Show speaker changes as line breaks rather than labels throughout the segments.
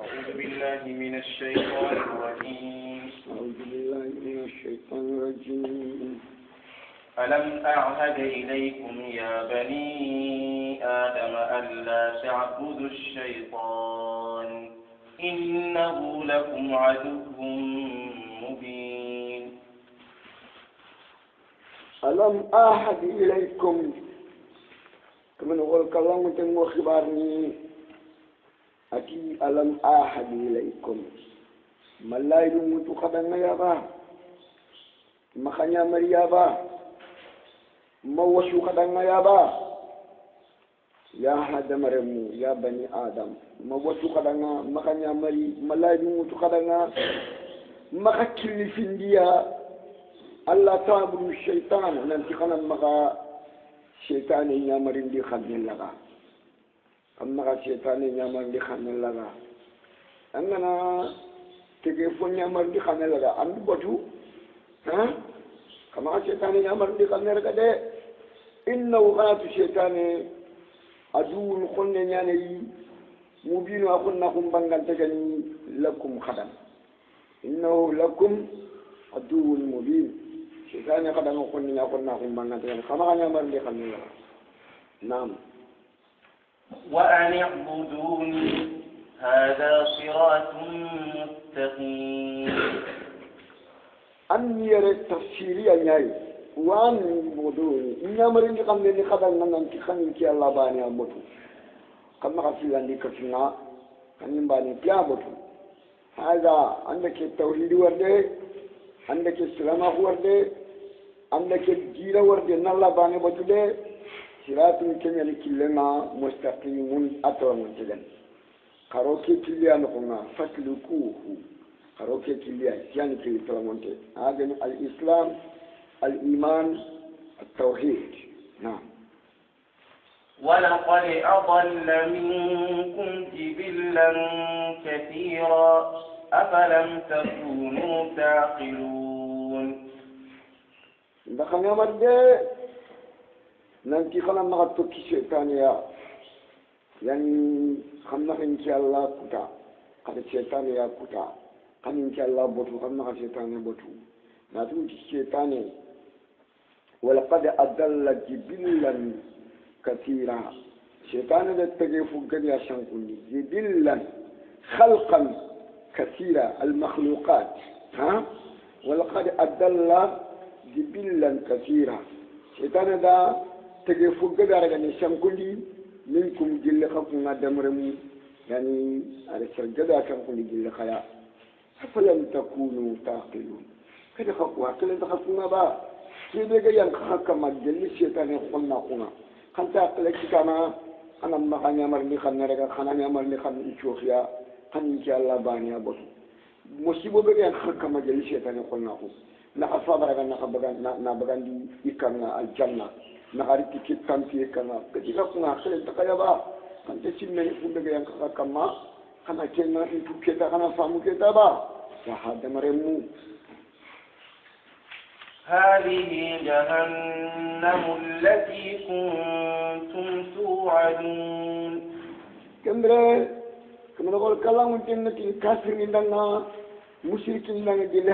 أعوذ بالله من الشيطان الرجيم أعوذ بالله من الشيطان الرجيم ألم أعهد إليكم يا بني آدم ألا تعبدوا الشيطان إنه لكم عدو مبين
ألم أعهد إليكم كمن هو الكلام تنو خبارني ati alam ahad ilaykum mallay ɗum wutu haɗangayaba ma hañamariyaba ma wasu haɗangayaba ya hada mu ya bani adam ma wasu haɗanga ma hañamari maka ɗum wutu haɗanga ma ha killifindiya allah tabudu cheytan nanti hanan maha di ñamarindi hannellaga amma ka shetani ñamandi xame laga angana tege fo ñamandi xame laga andu batu ha kama ka shetani ñamandi xame raga de innahu xanatu shetane aduwun xonne ñaneyi mubinu a xonna xum bangantegani lakum xadan innahu lakum aduwun mubin shetane xadanga xonne ña xonna xum bangantegani xama xa ñamandi xame laga nam
وأن اعبدوني هذا صراط مستقيم
أن يرى تفسيري يأي وأن اعبدوني إن أمرين قم لني قدر من أنت خمينك الله باني أموتو قم غسل أني كفنا أني باني بيابوتو هذا عندك التوحيد ورده عندك السلامة ورده عندك الجيرة ورده نالله باني بوتو صراط كم يلكلما مستقيم أتوى مجدن قروك كليا نقونا فاسلكوه قروك كليا جان يعني كلي تلمونتي هذا الإسلام الإيمان التوحيد نعم
ولقد أضل منكم جبلا كثيرا أفلم تكونوا تعقلون
دخلنا nanti fana maga tokki setaniya yani xannaxinke alla kuta xata setaneya kuta xaninke alla botu xan naxa setane botu natunti setane walaqad adalla jibillan katira setane de tege fuggania sankundi jibillan خلقا كثيرا المخلوقات ها ولقد أدل جبلا كثيرا شيطان ده تجي فوق دارك يعني شنكولي منكم جل خفنا دمرم يعني على سرجدا شنكولي جل خيا أفلم تكونوا تعقلون كده خفوا كده خفنا با كده جاي خاك ما جل الشيطان يخلنا خنا خنت أقلك كما أنا ما خاني أمر لي خنا رجع خنا أمر لي خنا نشوفيا خنا إن شاء الله بانيا بس مصيبة بيجي خاك ما جل الشيطان يخلنا خنا نحصل رجع نحبغان نحبغان دي يكمل الجنة nagariti ke kampiye kana kadiga kuna kale takaya ba kante simme funde ga yanka kama kana kenna itu keta kana famu keta ba sahada maremu
هذه جهنم التي
كنتم توعدون كم كم نقول كلام تنة كافر إننا مشرك إننا جل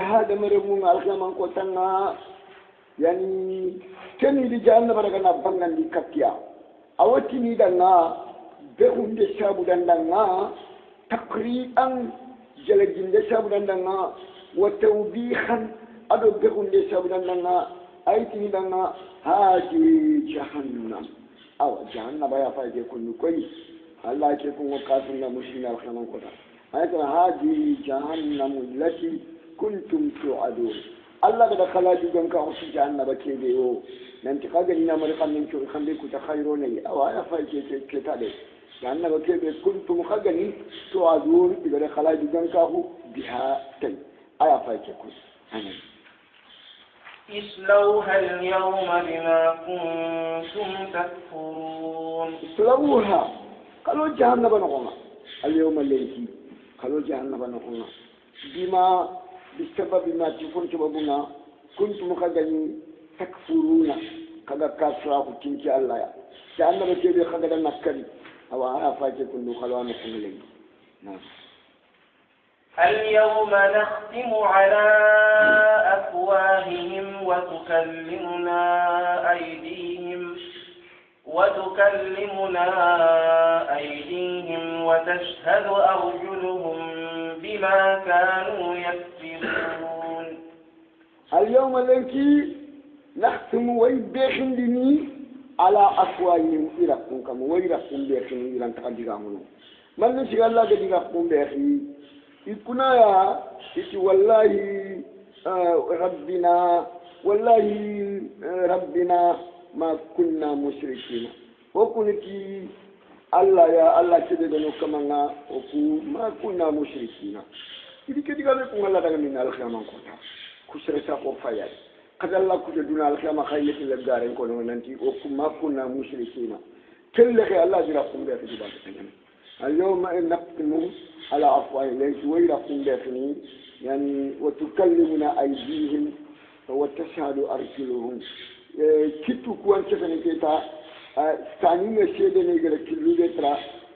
yani teni di jahannaba daga na bangan di kattiya awati ni danga be hunde sabu dandanga taqriban jalaginde sabu dandanga wa tawbihan ado be hunde sabu dandanga ayti ni danga haji jahannam awa jahannaba ya faje kunni koyi Allah ke kun wakafin na mushina alkhanan kota ayatan haji jahannam lati kuntum tu'adun allah gada kalajugan ka hosuja annaba keɓe o nanti kaga inamari kammin coɓi kamɓe kuta hayro nayi awaya fay keke ketaɗe ga annaba keɓe kuntum kagani to a zori igada kalajugan kahu biha tay aya fay ke kus anan
اصلوها اليوم بما كنتم
تكفرون اصلوها قالوا جهنم نقوم اليوم الليتي قالوا جهنم نقوم بما بسبب ما تكون تبغونا كنت مخدني تكفرون كذا خجا كافرا كنتي الله يا لأن بتجي خدنا نكري أو أنا فاجئ كنو خلوان كملين نعم
اليوم نختم على أفواههم وتكلمنا أيديهم وتكلمنا أيديهم وتشهد أرجلهم بما كانوا يفعلون
Al yawm alen ki naks mwoy behin dini ala aswa yi mwoy rakpon kamo, mwoy rakpon behin yi lan ta diga mwono. Malen si galla de digakpon behin, itkou na ya iti wallahi eh, rabbina, wallahi eh, rabbina ma kouna mwoshirikina. Ou koune ki alla ya, alla se dede nou kama nga ou kou, ma kouna mwoshirikina. كدي كدي قال الله دعني من الخيام أنكون تاس كسر سافو فيال كذا الله كذا دون الخيام خيال في الجارين كلهم ننتي أوكم ما كنا مشركين كل لخي الله جرى قوم ده في جبال اليوم إن نقتلهم على أفواه لأن شوي رقم دفني يعني وتكلمنا أيديهم وتشهد أرجلهم كتو كوان شفني كتا ستاني مشهد نيجر كلو دترا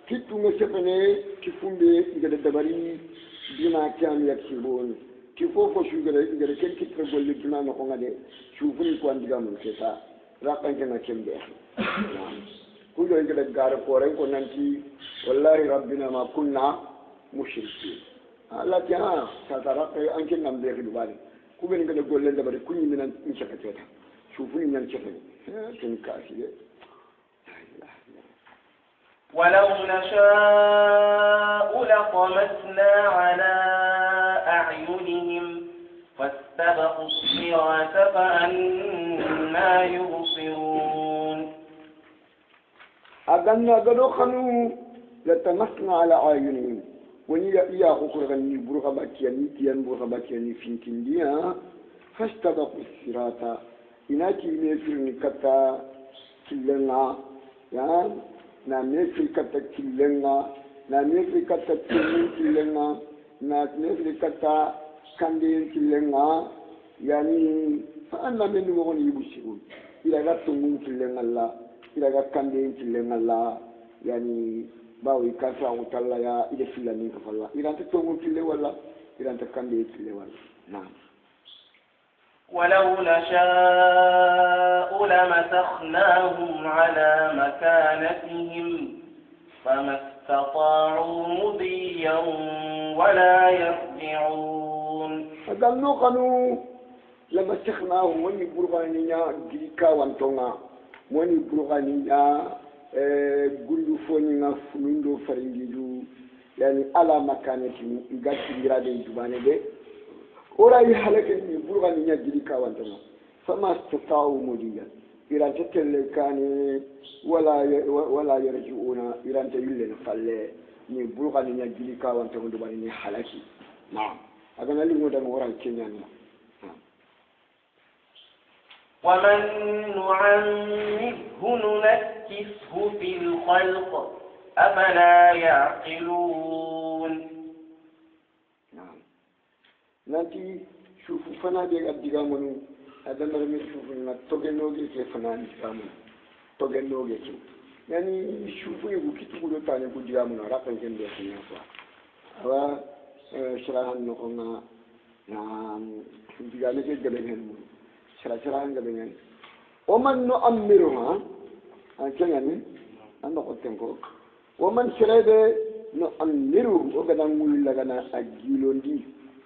كتو مشفني كفون دي نيجر دباري bima kanu yaksibun ti fofo sugere igere ken kitta golli duna nokonga de sufuni kuwandigamum c'est ça rakkankenga kembe kujo igere gaare koren ko nanti wallahi rabbina ma kunna mushrikin allah ti a sata rakka anke ngam beeki ɗuɓani kuɓeni gede golle ndabari kuñiminan in cekateta sufuni ñan cekani ten kaasi de
ولو نشاء لطمسنا على أعينهم فاستبقوا الصراط فأنا يبصرون
أغنى غدوخنو لطمسنا على أعينهم wani ya iya kukur gani burka bakiya ni tiyan burka bakiya ni finkin diya hasta ba ku sirata ina ki ne firin kata killan ya na mefilikata killenga na mefilikata temin killenga na mefilikata kandeyen killenga yani an lamɛnni mɔgɔ ni yibu sigo ila ka tungun killenga la ila ka kandeyen killenga la yani bawo i ka sa wutalla ya ide filla min kafalla iranta tungun kille walla iranta kandeyen kille walla naam
ولو نشاء لمسخناهم على مكانتهم فما استطاعوا مضيا ولا
يرجعون فقال لما لمسخناهم وني برغانيا جيكا وانتونا وني برغانيا قلو foni nga funundo faringiju yani ala makanetinu iga sigira ولا يحلك إني بلغ من يجريك وانتما فما استطاعوا مديا إلى تتل كان ولا ولا يرجعون إلى أن تيلن فلا من بلغ من يجريك وانتما دبني حلكي نعم أجمع لي مدام ورا الكنيان
ومن نعمره ننكسه في الخلق أفلا يعقلون
nanti shufu fana de be addi gamonu adamar mi shufu na toge noge ke fana ni samu toge noge ke yani shufu yugo kitugo do tane ko digamu na rafa ngen be fana ko awa shirahan no na na diga digale ke gabe ngen mu shira shirahan gabe ngen o man no amiru ha an kenyani an no ko ten ko o man shirabe no amiru o ga dan gadan wulila gana agilondi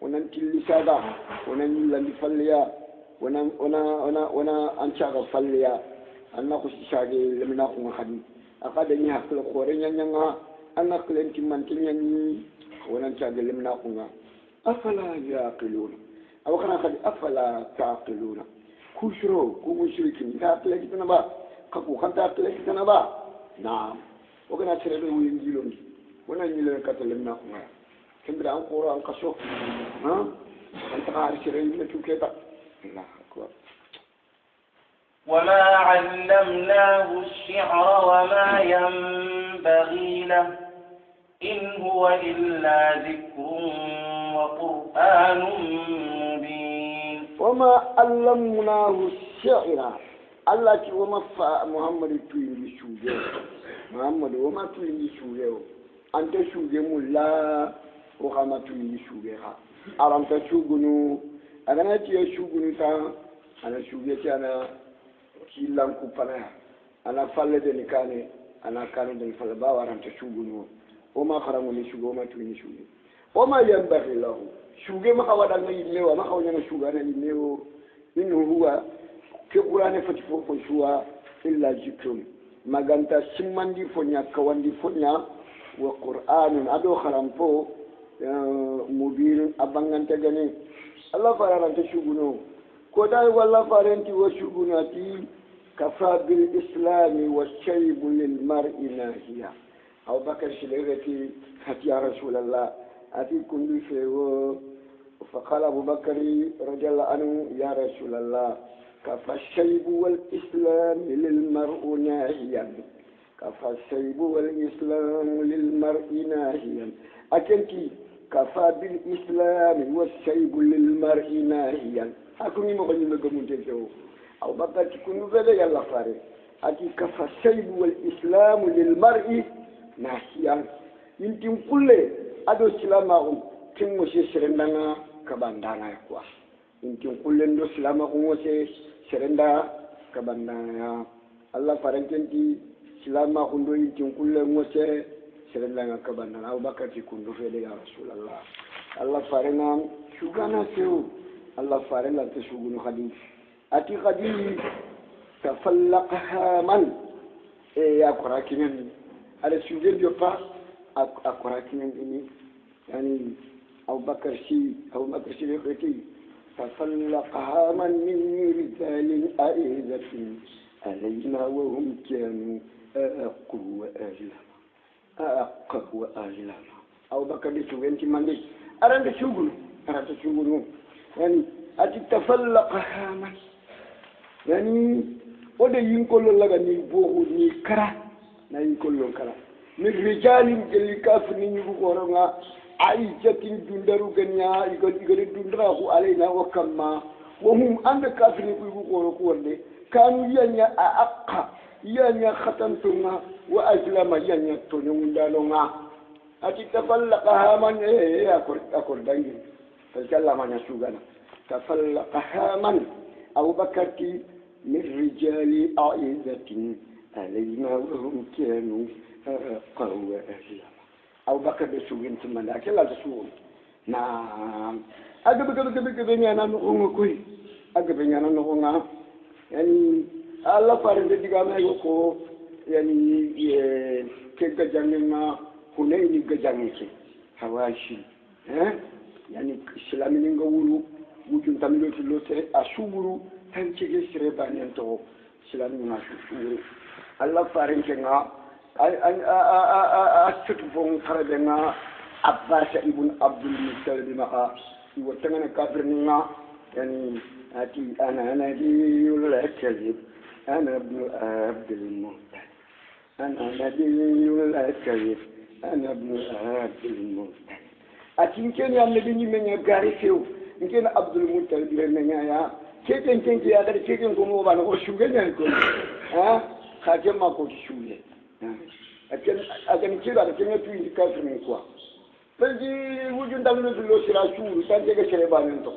wonan tillisaga wonan yillandi falleya wona wona wona wona ancaga falleya anna ko sisage lemina kunga kadi aka dañi hakkile koore ñañanga anna kilenti manti ñañi wonan cage lemina kunga afala yaqiluna awa kana kadi afala taqiluna kusuro ku musrikin ta akile kitana ba kaku kanta akile kitana ba naam wogana serebe wuyen jilondi wonan yillen kata lemina kunga تملا عن قورا عن قشو ها أنت عارف شرعي من وكذا كذا الله أكبر
وما علمناه الشعر وما ينبغي له إن هو إلا ذكر
وقرآن مبين وما علمناه الشعر الله ce wa mafa Muhammadu tuyin yi shuge Muhammadu wa ma tuyin yi shuge an ta shuge o xana tuni suge xa aranta sugunu agana tiye sugunu tan ana suge ke ana kilanku panaya ana falle deni kane ana kane deni falle bawa aranta sugunu o ma xarangoni suge o ma tuni suge o ma yambaxi lahu suge maxa waɗanga yimmewa maxa wañana sugana yimmewo in huwa ke qur'ane fati fo ko suwa illa jikrun maganta simmandi fo ña kawandi fo ña wa qur'anun mobile a banganta gane Allah fara ta shuguno ko dai walla farenti wa shuguna ti kafa bil islami wa shaybu lil mar'i nahiya aw bakar shilegati hati ya rasulullah ati kundu fewo فقال أبو بكر رضي الله عنه يا رسول الله كفى الشيب والإسلام للمرء ناهيا كفى الشيب والإسلام للمرء ناهيا أكنتي kafa bil islami wa saybu lil mar'i nahiyan hakuni mo ni no gumunte fewo aw bakati kunu vele yalla fare ati kafa saybu wal islamu lil mar'i nahiyan hiyan » kulle ado silama um timmo se serendanga kabandana ya kwa intim kulle ndo silama um se serenda kabandana ya allah farantenti silama kundo intim kulle ngose سلام كبرنا أو بكتي كندو في لي رسول الله الله فارنا شو كان سو الله فارنا تشوغن خديم أتي خديم تفلقها من إيه يا كراكين على سجل جوبا أكراكين إني يعني أو بكر شي أو ما كرشي بكرتي تفلقها من من رجال أئذة علينا وهم كانوا أقوى أهلهم Aa, a kafu ajila aw baka bi sugen ti mande aranda sugunu aranda sugunu yani ati tafallaqa haman yani o de yinkolo laga ni bohu ni kara na yinkolo kara min rijalin gelli kafu ni ñugu koronga aijatin dundaru ganya igani dundara ku alaina wa kamma wa hum anda kafirin ku yugu koro ku wande kanu yanya a akka. يعني ختمتما وأسلم يعني تنون أتي تفلقها من إيه أكل أكل دنجي فالكلام عن سوغنا تفلقها من أو بكرتي من رجال أعيزة علينا وهم كانوا قوة أسلم أو بكر بسوغن ثم لا كلا تسوغن نعم أجب أجب أجب أجب أجب أجب أجب أجب أجب أجب أجب أجب أجب alla diga me ko yani ke ga ma gajange ni ga gajange ke hawashi eh yani islami ni nga wuru wujuntamilo tillo lo a asuburu tan ke ge sire sere banen togo silami nga suwuru alla ke nga a sut bon de nga abbas ibn abdul ma wotanga ne iwattangana ni nga yani ati ana nabiyul kadib أنا ابن عبد المطلب أنا نبي الكريم أنا ابن عبد المطلب أتمكن يا نبي من يبقاريسيو يمكن عبد المطلب من يا كيتن كنت يا در كيتن كمو بان وشوكن ينكم ها خاتم ما كنت شوكن أكن أكن كيلو أكن يتوين كافر من كوا فلجي وجود دمنا في اللوسرا شورو تانجي كشربان انتو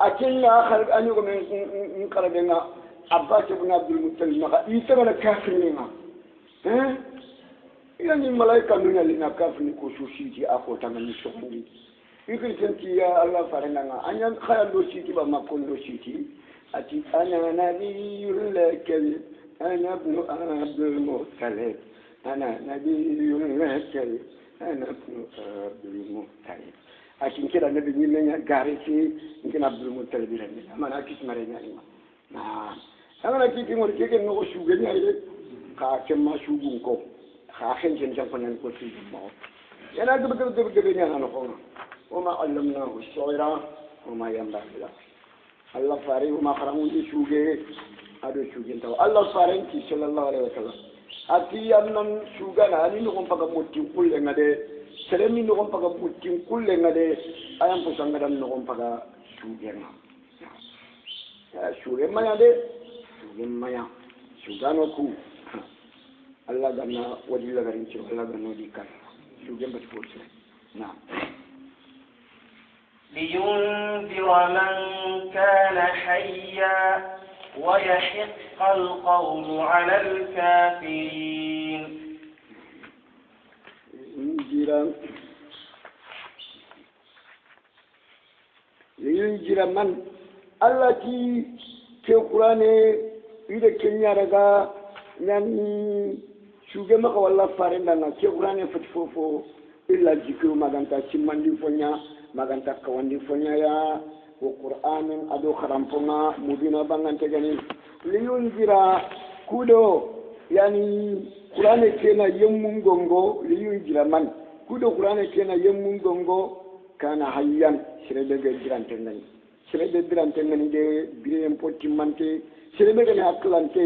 أكن لا خرب أنيكم من قربنا Abba Sebn Abdel Moutalib maka ite wane kafri mena. He? I yanyi malay ka mwenye li na kafri kousou siti akotan meni chokondi. I kri jen ki ya Allah faren nga. Anyan kaya lo siti waman kon lo siti. A ti ananadi yur leke. Ananab nou Abdel Moutalib. Ananadi yur leke. Ananab nou Abdel Moutalib. A ti nkira nbe nye menye gari si nkine Abdel Moutalib. A ti nkira nbe nye menye gari si nkine Abdel Moutalib. angana kiki ngori keke ngogo suge ñayde xa kemma sugun ko xa xencen jangkoñan ko sugum maxo yana gebe gebe gebe gebe ñanano xonga woma allamnahu soira woma yambagila allah fare woma xarangundi suge aɗo sugintawa allah farenki salallahu alayhi wa sallam ati annan sugana ani noxon paga mottin qullenga de seremi noxon paga mottin qullenga de ayan posangadan noxon paga sugenga ya, suge maña de zimmaya sugano ku allah ganna waɗi lagarinci allah gannoɗi kan sugen bati fortire nam
لينذر من كان حيا ويحق القول على الكافرين
لينذر لينذر من التي ke kurane ida kenya daga nani shugama ka wala faren danga ke kurane fati fofo illa jikiru maganta cimmandi fonya maganta kawandi fonya ya wo qur'anin ado karamponga mudina bangante gani liyunzira kudo yani kurane kena yemmun gongo liyunzira man kudo kurane kena yemmun gongo kana hayyan sirebe gajiran ngani serebe birante ngani de bireyen pottimmante serebe gani hakkilante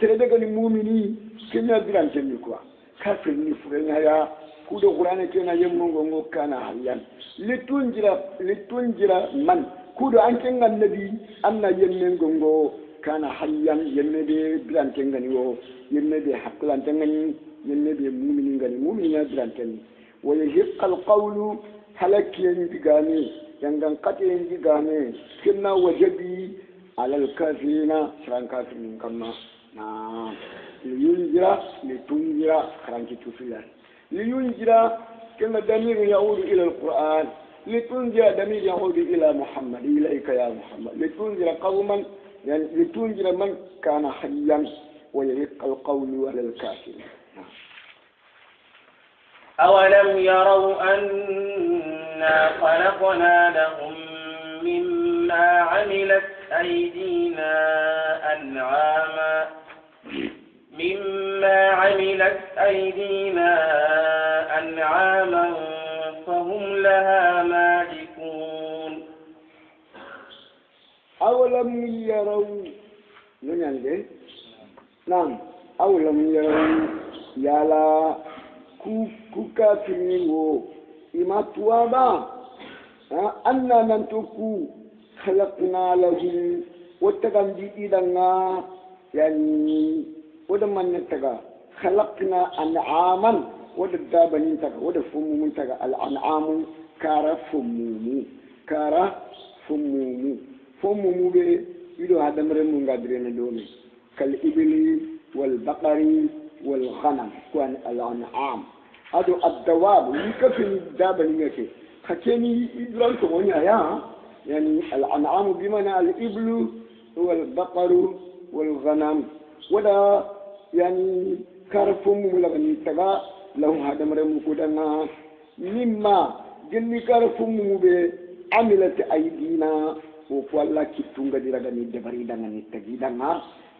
serebe gani mumini kenya birantenni quoi kafir ni furenaya kuɗo qur'ana kena yemgongongo kana hayyan littunjira littunjira man anke anken annabi anna yemmengongo kana hayyan yemmede birante ngani o yemmede hakkilante ngani yemmede mumini ngani mumini ya birantenni wa yahiqa alqawlu halakiyen digani yangan katin ji gane kinna wajabi alal kafina ran kafin kamma na liyun jira li tun jira karanki tufila liyun jira kinna damir yaudu ila alquran li tun jira damir yaudu ila muhammad ilaika ya muhammad li tun jira qauman يعني لتنجر من كان حيا ويحق القول على الكافر أولم يروا أن
إنا خلقنا لهم مما عملت أيدينا أنعاما مما عملت أيدينا أنعاما فهم لها
مالكون أولم يروا من عندي؟ إيه؟ نعم أولم يروا يالا كوكا في فيما توابا أننا ننتقو خلقنا لهم واتقام جيئي دنگا يعني ودمان ننتقى خلقنا أنعاما ودبابا ننتقى ودفمو منتقى الأنعام كارا فمومو كارا فمومو فمومو بي يدو هذا مرمون قادرين دومي كالإبلي والبقري والغنم كوان الأنعام ado الدواب يكفي دابا نيكي حكيني إبلان تغني أيا يعني الأنعام بمعنى الإبل هو البقر والغنم ولا يعني كارفهم ولا بنتغا لهم هذا مرم كودنا مما جني كارفهم به عملت أيدينا وقوالا كتونغا ديراغا ندبري دانا نتغي دانا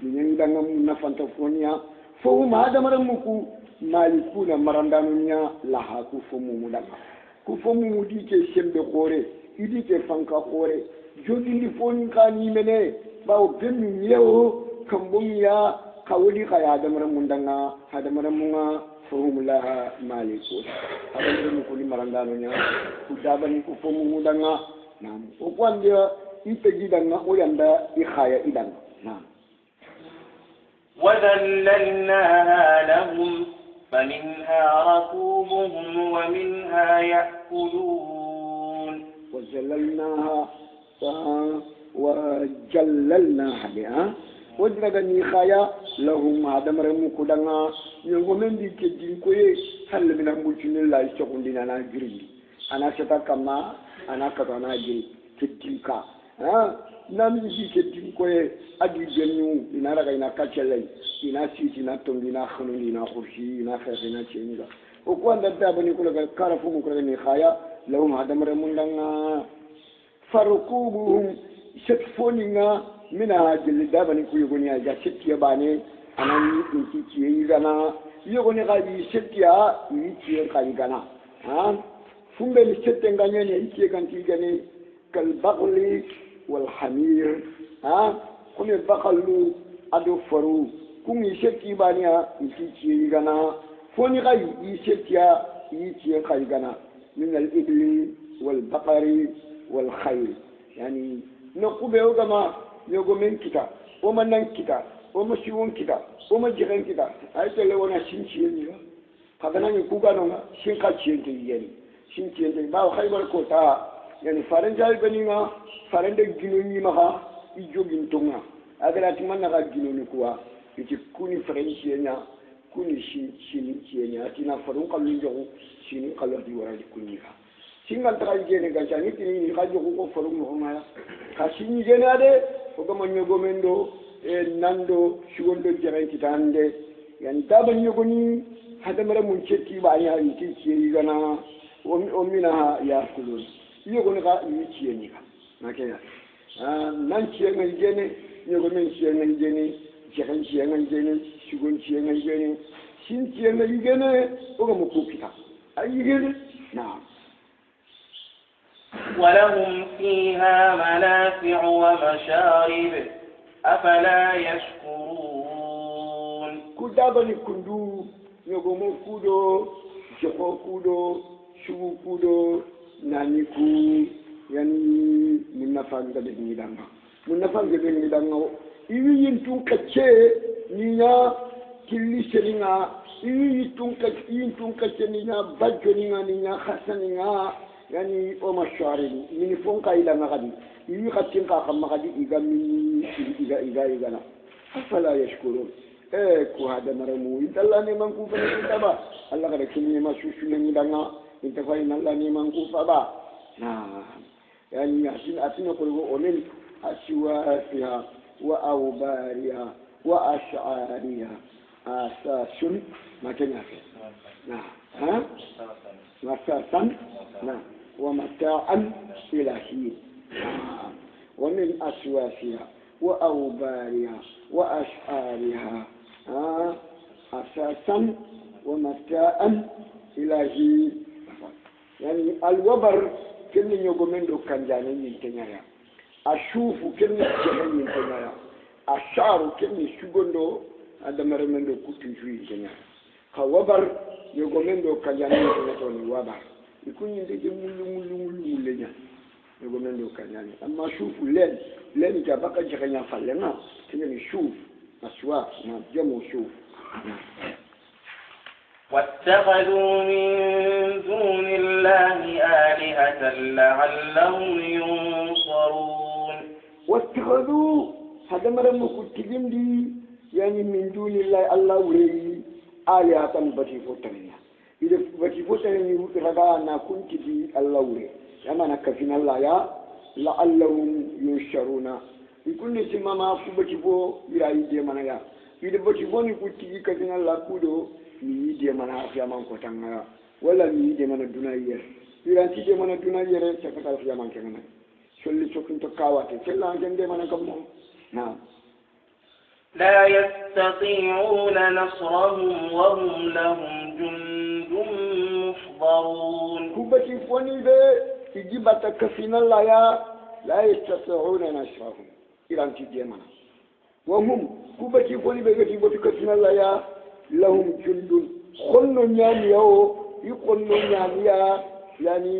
نينغا نفانتفونيا فهم هذا مرم كودنا malikuna marandanonya laha ku fo mumudaga ku fo mumudi ke sembe kore idi ke fanka kore jogindi fonin ka nimene bawo bemmi yewo kambongiya ka woli ka ya adamara mundanga adamara munga fohumulaha malikuna abandemu kuli marandanonya ku dabani ku fo mumudanga nam o kwandiya ipegidanga i ihaya idanga nam
وذللناها لهم فمنها ركوبهم ومنها يأكلون
وزللناها وجللناها بها wajiraga ni khaya lahum adamare mu kudanga nyongo mendi ke jinkoye halle mina mbuchine la chokundi na na girindi ana seta kama ana katana ke kitinka namiji si ke tigi koye adi jennu ina raga ina kacalay ina siti ina tongi ina hanundi ina hursi ina hehe ina ceniga o ko anda dabani kulaga kala fo mu kulaga ni haya lawum hadamare mun danga farkubuhum set foninga mina ha jelle dabani ku yogoni aja settiya bane anani inti tiye yigana yogoni ka yi settiya yi tiye ka yigana ha fumbe ni sette nganyene yi tiye kan tigane kalbagli والحمير ها كم بقلو أدو فرو كم يشتي بانيا يشتي يغانا فوني غاي يشتي يشتي يغانا من الإبل والبقر والخير يعني نقوبه وغما يغو من كتا ومن نن كتا وما شيون كتا وما جغن كتا هاي تلي وانا شنشي يغانا قدنا يكوغانو شنكا شنشي يغانا شنشي باو خيبر كوتا yani farental beninga farende gino ñimaxa i jogintonga agaratima naxa ginoni kuwa iti kuni ferenciyeña kuni sinin ciyeña atina farun kallu jogu sinin kallu ati waradi kunñiga singantaxa igene gancani tinini xa jogu ko farun moxongaya xa sinñigena de fogama ñogomen do e, nando sugondo jerenkitan de yan daba ñogoni hadamara mun cettiɓaani ha iti ciyeigana o minaha yakulun Iyo kone ka yu chiye ni ka. Maken ya. Nan chiye nga yi geni, yi kone men chiye nga yi geni, chekan chiye nga yi geni, shugon chiye nga yi geni, shin chiye nga yi geni, o ka mokou ki ta. A yi geni, nan.
Walahoum kiha malafi ou wa masharibe, apala
yashkou. Kou taban yi kondou, yi kone mokou do, chokou do, shugou do, nani ku yani munafanga de ngidanga munafanga de ngidanga iwi yintun kace niya killi selinga iwi yintun kace yintun kace niya bajjo niya niya hasan niya yani o mashari min fon ka ila ngadi iwi katin ka kam ngadi iga min iga iga iga na afala yashkurun eh ku hada maramu idalla man ku fa ni taba allah kada kinni ma shushu ne ngidanga littafai nan la neman kufa ba na yani a tuna kurgo omin a shiwa fiya wa aubariya wa a sha'ariya a sashun matan yafe na ha masasan na wa mata'an ilahi wa min aswasiya wa aubariya wa ash'ariha أساسا ومتاء إلى جيل yani alwabar kenni ñogo men ɗo kanjane ñinteñaya a suufu kenni jehe ñinteñaya a saaru kenni sugondo adamare men ɗo kuttuju yinteñaya wabar ñogo men ɗo kanjane ñinteñatoni wabar ikuñinde je mullu mullu mullu mulleña ñogo men ɗo kanjane amma suufu len len ja baka jeheña fallenga keneni suuf a na jamo suuf
واتخذوا من دون الله آلهة لعلهم ينصرون
واتخذوا هذا مرة كتلم لي يعني من دون الله الله ولي آلهة بتيفو تمنيا إذا بتيفو تمنيا رجع نكون كذي الله ولي أنا نكفينا الله يا لعلهم ينصرون يكون نسمع ما فو بتيفو يرايد منا يا إذا بتيفو نكون كذي كذي الله كودو mi yide mana alkiyaman kotanga walla mi yide mana duna yere irantide mana duna yere cakkata alkiyaman kegana solli sokkinto kawate sellan kende mana kam mo naam
لا يستطيعون نصرهم وهم لهم
جند محضرون كوبتي فوني بي يجيب تكفينا لا لا يستطيعون نصرهم إلى أن تجيمنا وهم كوبتي فوني بي يجيب تكفينا لا لهم جلد خل يعني يو يقل يعني يعني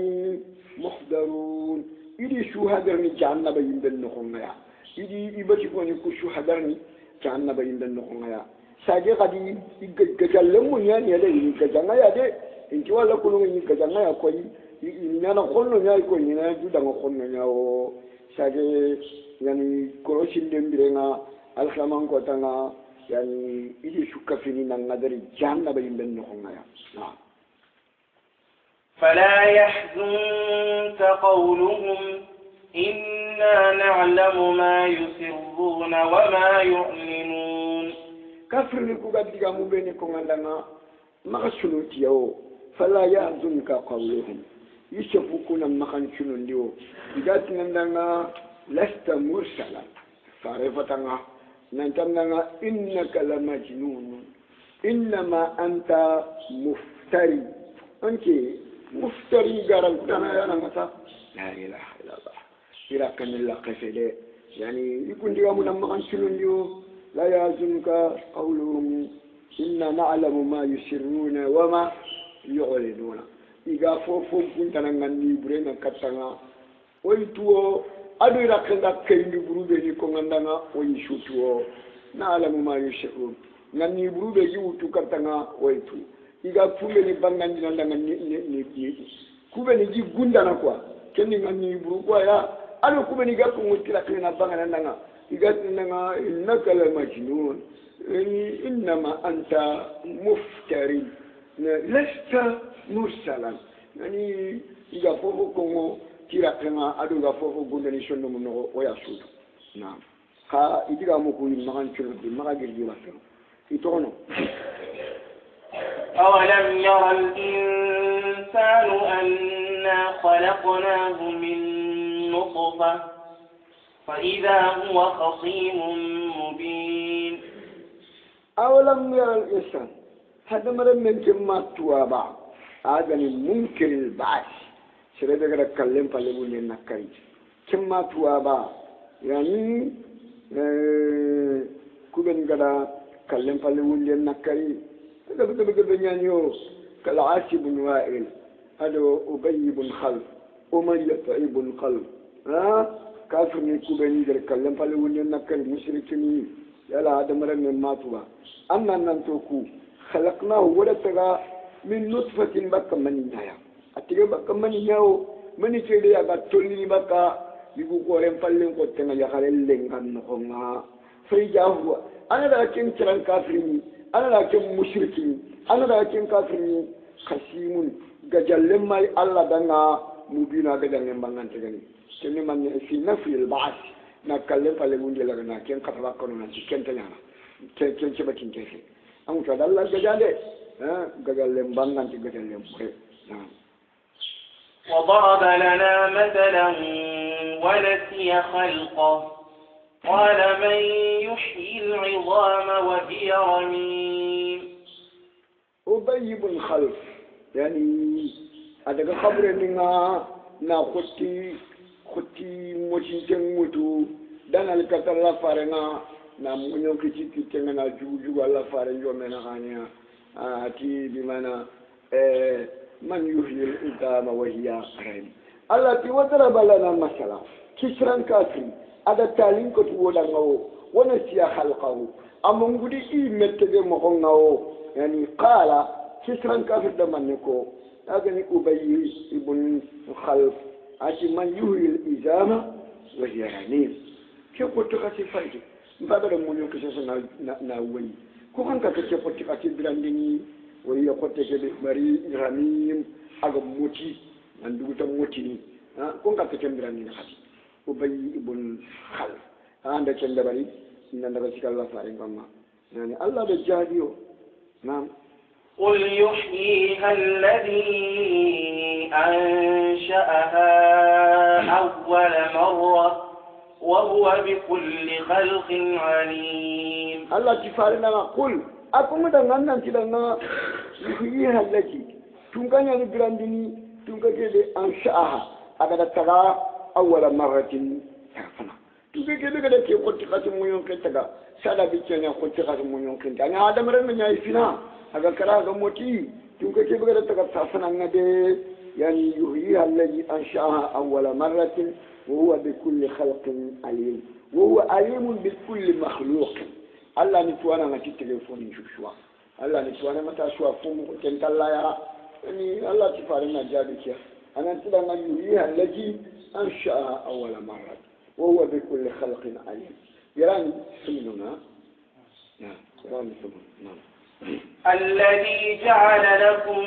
محضرون إلي شو هدرني كأن بين دنهم يا إلي إبتي كوني كشو هدرني كأن بين دنهم يا ساجي قد يجعل لهم يعني يدي يجعل يا دي إنتي ولا كلهم يجعل يا كوي إننا خل يعني كوي إننا جودا خل يعني يو ساجي يعني كروشين دمبرنا الخمان كوتانا yani ije shuka fini nan nagari janna bai ben no kon ngaya na
fala yahzunta qawluhum inna na'lamu ma yusirruna wa ma
yu'minun kafir ni ku gaddi ga mu ben ko ngala na ma tiyo fala yahzunka qawluhum yishafu kuna ma kan sunu ndiyo idatin nan nga lasta mursala farefatanga نتمنى إنك لمجنون إنما أنت مفتري أنت مفتري أنا يا نمتا لا إله إلا الله إلا كان الله قفله يعني يكون اليوم لما أنشلوا اليوم لا يعزمك قولهم إنا نعلم ما يسرون وما يعلنون إذا فوفو كنت نغني برينا كتنا ويتو aɗo ira buru be ni ko gandaga woyi sutu o na alamu ma yusirun ganni ɓuruɓe ji wuttu kartaga woytu iga ni ni kume ni ji nga ni buru kwa ya ɓoya kume ni ga nga iga banganandaga nga inna la majnun ma anta muftari lasta mursalan gani iga fofo kongo tira kenga ado ga fofo gunda ni sonno mun no o ya sudu naam ka idiga mu ko yimma kan cuno di maga gel yura ken itono
awalam yara al insanu anna khalaqnahu min nutfah فإذا هو خصيم
مبين أولم يرى الإنسان هذا مرة من كما توابع هذا من منكر البعث serebe gara kallen palle bulle nakkari kemma tuwaba yani kuben gara kallen palle bulle nakkari daga daga daga da nyani yo kal asib ibn wa'il ado ubay ibn khalf umayyah ibn khalf ha kafir ne kubeni gara kallen palle bulle nakkari mushrikini yala adamaran ne matuwa annan nan to ku khalaqnahu wala taga min nutfatin bakka manin daya atike baka mani ñawo mani ceede yaga tollini baka yigu koren pallen kottenga yaharen lengan noxonga fay e jahuwa ana daga ken kiran kafirini ana daga ken mushrikini ana daga ken kafirini kasimun gajallen may allah danga mubina gadangen bangantegani kene manne fi nafil baas na kallen pallen mundelaga na ken katara kanonanti kente ñana ken ceɓatin kefe amuta dallan gajade eh, gajallen banganti gajallen ɓoxe nam
وضرب لنا مثلا ونسي خلقه قال من يحيي العظام وهي رميم
أبي بن خلف يعني هذا خبر لنا ناخذتي خطي موشي تنموتو دانا الكتر لا فارنا na munyo kici kitenge na juju wala fare njomena hanya ati bimana eh من يهيل العظام وهي رميم الله تي وضرب لنا مثلا كسرا كاسم هذا تعليم كتبولا غو ونسي خلقه أما نقول إيه متجه مخون يعني قال كسرا كافر دمانيكو أغني أبي ابن خلف أشي من يحيي العظام وهي رميم كيف تغسل فايدك مبادر مونيو كسسنا ناوي كوكان كاتكي فوتي كاتي برانديني woni yo kotte keɓe mari hamim haga moti andugu tan motini ko gatta kembiranina hati ubayi ibun hal anda kelle bari nandaga sikallah faare gonga yani allah ɓe jaadi o nam
قل يحييها الذي أنشأها أول مرة وهو بكل خلق
عليم الله تفعلنا قل akuma da nan nan kila na yi halaki tun kan yanzu birandini tun ka gele an sha'aha a ga da taga awwala marratin sarfana tun ka gele ga da ke kwanci kasin munyon kai taga sada bi kenya kwanci kasin munyon kai ta ne adamar nan yayi fina a ga kara ga moti tun ka ke ga da taga sarfana na de yani yuhyi halaki an sha'aha awwala marratin wa huwa bi kulli khalqin alim wa huwa alimun bi kulli makhluqin Allah ni tuwana ngati telefoni njushwa alla ni tuana mata shwa fumu tenkalla ya ni Allah ti fare na jabi kia Ana tida na yuriha halaji ansha'a awala marra wa huwa bi kulli khalqin alim yaran sunnuna نعم نعم
الذي جعل لكم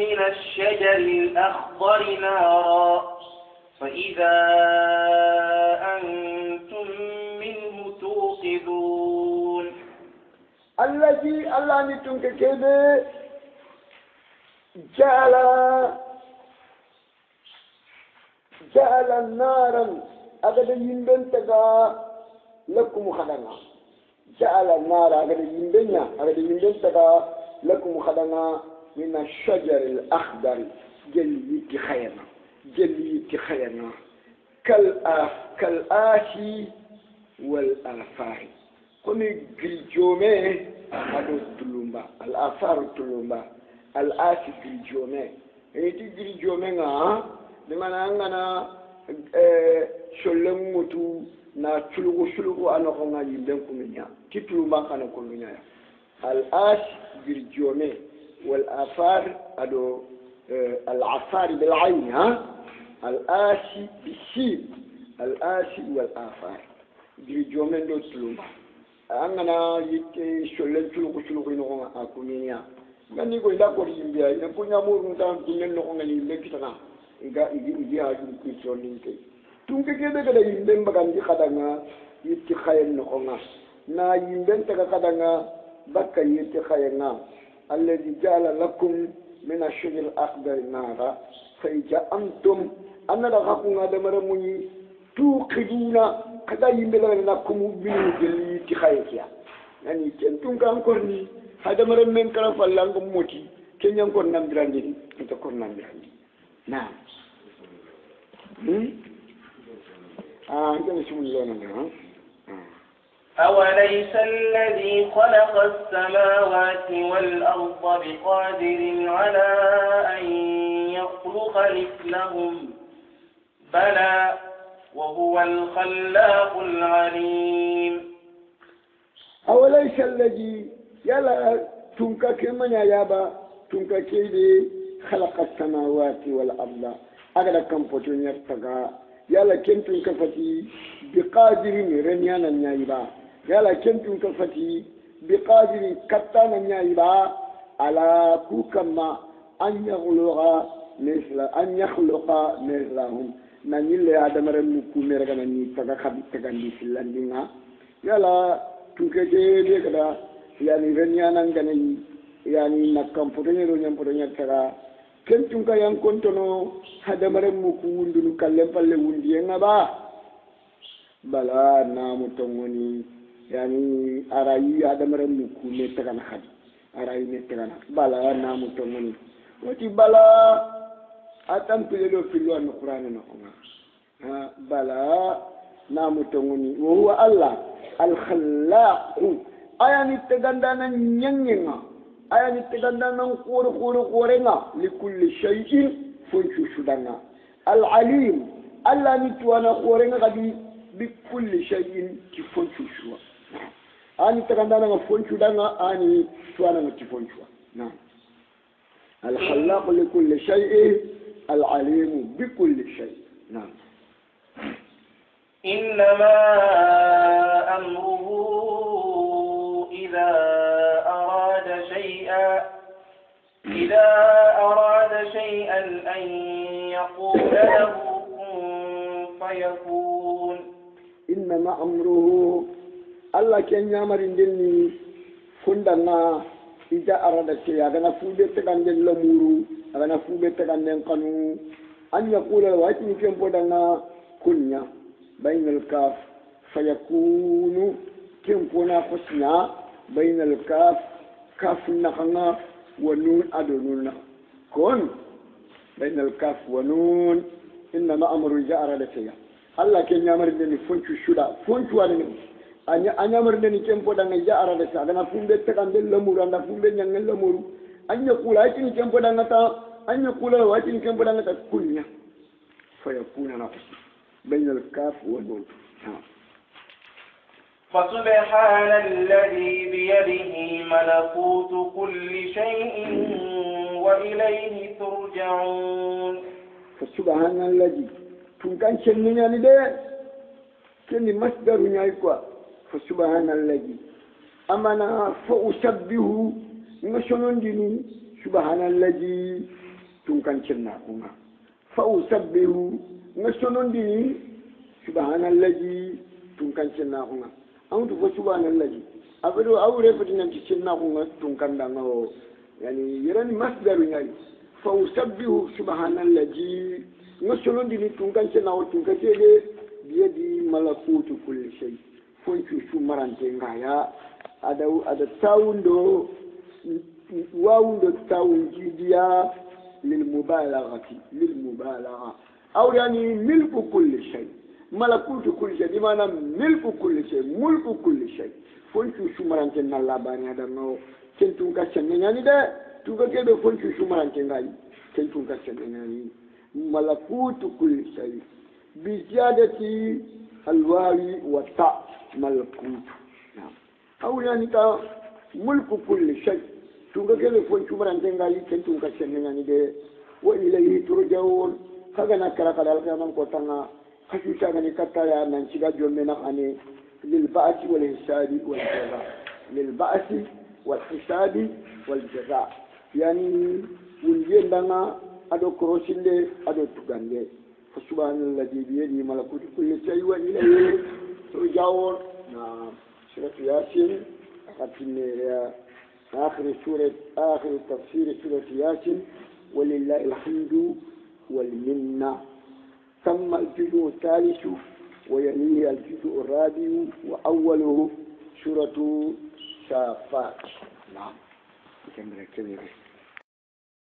من الشجر الأخضر نارا فإذا
الذي الله نتنك كده جعل جعل نارا أغدا يندن تغا لكم خدنا جعل النار أغدا يندن أغدا يندن تغا لكم خدنا من الشجر الأخضر جلي خيرنا جلي خيرنا كالآه كالآه والآفاهي komi girijome aɗo tulumba al eh, tulumba al asi girijome eti girijome nga ndemana an gana sollen ŋutu na sulugu sulugu a noxonga yillen kunuña ti tulumban kana kunuñaya al as girijome wal afar aɗo al asari bel ayni ha al asi bisid al asi wal tulumba an kana sollen culuku culuku ɲɔgɔn kan a kuɲɛniya nka ni ko i la kɔri yin biya ina kuɲamuru ta kuɲɛ ɲɔgɔn kan yin bɛ kitana nga iji aju kuisoni ke tun ke ke daga yin ben bagan di kadanga yitti khayen no nga na yin ben taga kadanga bakka yitti khayen nga alladhi ja'ala lakum min ash-shajari al-akhdari nara fa ija antum anna da hakunga da maramuyi tuqiduna kada yimɓe lawanena komu winu gelli ti haye keya nani ken tun ka encore ni hadamaren men kara falle anko moti ken encore namdirandi ni enta kor namdirandi nam a kene sumullonana
أوليس الذي خلق السماوات والأرض بقادر على أن يخلق مثلهم بلى وهو الخلاق العليم
أوليس الذي يلا تنكك من يابا تنكك دي خلق السماوات والأرض أغلى كم فتن يرتقى يلا كم تنكفتي بقادر رنيانا نيايبا يلا كم تنكفتي بقادر كتانا نيايبا على كوكما أن يخلق مثل أن يخلق مثلهم na ñille adamaren mu kumere kana ni taga kabi tagandi sillandinga yala tunke keede kada yani renñananganayi yani nakkam potoñero ñam potoñer taga ken tunka yan kontono hadamaren mu ku nu kallen palle wundi wundiyenga ba bala namu tongoni yani arayi adamaren mu ku ne tagana kadi arayi me tagana bala namu tongoni wati bala atan pilelo fillo an qur'ana na kuma ha bala na mutanguni wa huwa allah al khallaq ayani teganda na nyanyenga ayani teganda na qore qore qore na li kulli shay'in funchu shudanga al alim allah ni tuana qore na kadi bi kulli shay'in ki funchu shuwa ani teganda na funchu danga ani tuana na ki funchu na al khallaq li kulli shay'in العليم بكل شيء نعم
إنما أمره إذا أراد شيئا إذا أراد شيئا أن يقول له
فيكون إنما أمره الله كان يامر إنجلني كندنا ita arada ke agana fuɓe teganden lamuru a agana fuɓe teganden kanu an ya kula wa yaqula waatini ken na kunya bainal kaf fayakunu ken na kosina bainal kaf kaf nakanga wa nun ado nunna kon bainal kaf wa nun innama amru ja arada keya allah ken da ni foncu wa ni anya anya marne ni kempo da ngai ja arada sa dana kumbe ta kan del lamuru anda kumbe nyangel lamuru anya kula ci ni kempo da ngata anya kula wa ci ni kempo da ngata kunya fa yakuna nafs bain al kaf wal nun فسبحان
الذي بيده ملكوت كل شيء وإليه ترجعون
فسبحان الذي تنكن شنو يعني ده كني مصدر يعني كوا فسبحان الذي أمنا فأسبه شنون ديني سبحان الذي تنكن شرناكما فأسبه شنون ديني سبحان الذي تنكن شرناكما أنت فسبحان الذي أبدو أولي فتنكن شرناكما تنكن دانو يعني يراني مصدر يعني فأسبه سبحان الذي شنون ديني تنكن شرناكما تنكن شرناكما بيدي ملكوت كل شيء foi su marante ngaya ada ada tawundo wawundo tawun jidiya lil mubalaghati lil mubalagha aw yani milku kulli shay malakutu kulli shay mana milku kulli shay mulku kulli shay foi su marante nalla bani ada no kentun ka channani de tuga kebe foi su marante ngai kentun ka channani malakutu kulli shay bi ziyadati alwawi wa ta' malkut au yani ka mulku kulli shay tunga kele ko tumara ndenga yi tentu ka shenna ni de wa ilayhi turjaun kaga na kala kala alqiyam ko tanga kasu ta gani katta ya nan shiga jomme na ane lil ba'si wal hisabi wal jaza lil ba'si wal hisabi wal jaza yani wunje ndanga ado korosinde ado tugande subhanallahi bi yadihi malakutu kulli shay wa ilayhi ترجعون نعم سورة ياسين قد آخر سورة آخر تفسير سورة ياسين ولله الحمد والمنة ثم الجزء الثالث ويليه الجزء الرابع وأوله سورة شافات نعم كم ركبت